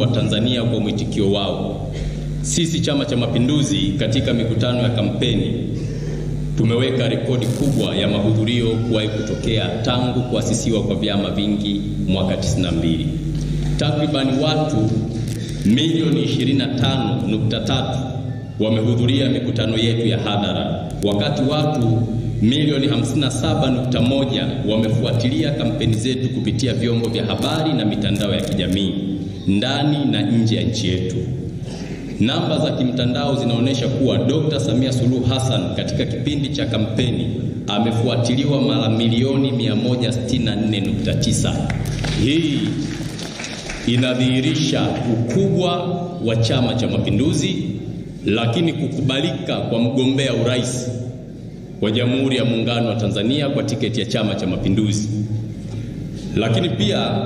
wa tanzania kwa mwitikio wao. Sisi Chama cha Mapinduzi katika mikutano ya kampeni tumeweka rekodi kubwa ya mahudhurio kuwahi kutokea tangu kuasisiwa kwa vyama vingi mwaka 92. Takribani watu milioni 25.3 wamehudhuria mikutano yetu ya hadhara, wakati watu milioni 57.1 wamefuatilia kampeni zetu kupitia vyombo vya habari na mitandao ya kijamii ndani na nje ya nchi yetu. Namba za kimtandao zinaonyesha kuwa Dr. Samia Suluhu Hassan katika kipindi cha kampeni amefuatiliwa mara milioni 164.9. Hii inadhihirisha ukubwa wa Chama cha Mapinduzi, lakini kukubalika kwa mgombea urais wa Jamhuri ya Muungano wa Tanzania kwa tiketi ya Chama cha Mapinduzi, lakini pia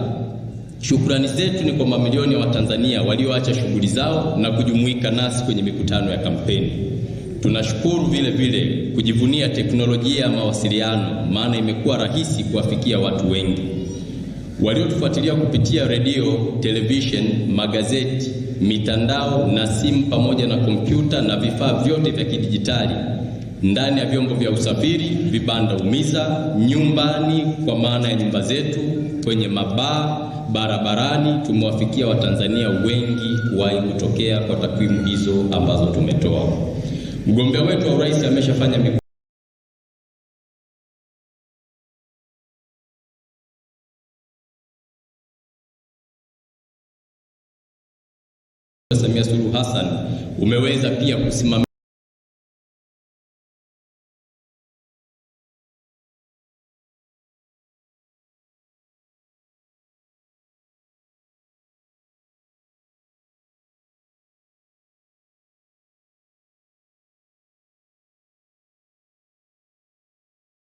Shukrani zetu ni kwa mamilioni ya Watanzania walioacha shughuli zao na kujumuika nasi kwenye mikutano ya kampeni. Tunashukuru vile vile kujivunia teknolojia ya mawasiliano, maana imekuwa rahisi kuwafikia watu wengi waliotufuatilia kupitia redio, television, magazeti, mitandao na simu pamoja na kompyuta na vifaa vyote vya kidijitali ndani ya vyombo vya usafiri, vibanda umiza, nyumbani kwa maana ya nyumba zetu, kwenye mabaa, barabarani. Tumewafikia Watanzania wengi kuwahi kutokea kwa takwimu hizo ambazo tumetoa. Mgombea wetu wa urais ameshafanya Samia Suluhu Hassan umeweza pia kusimama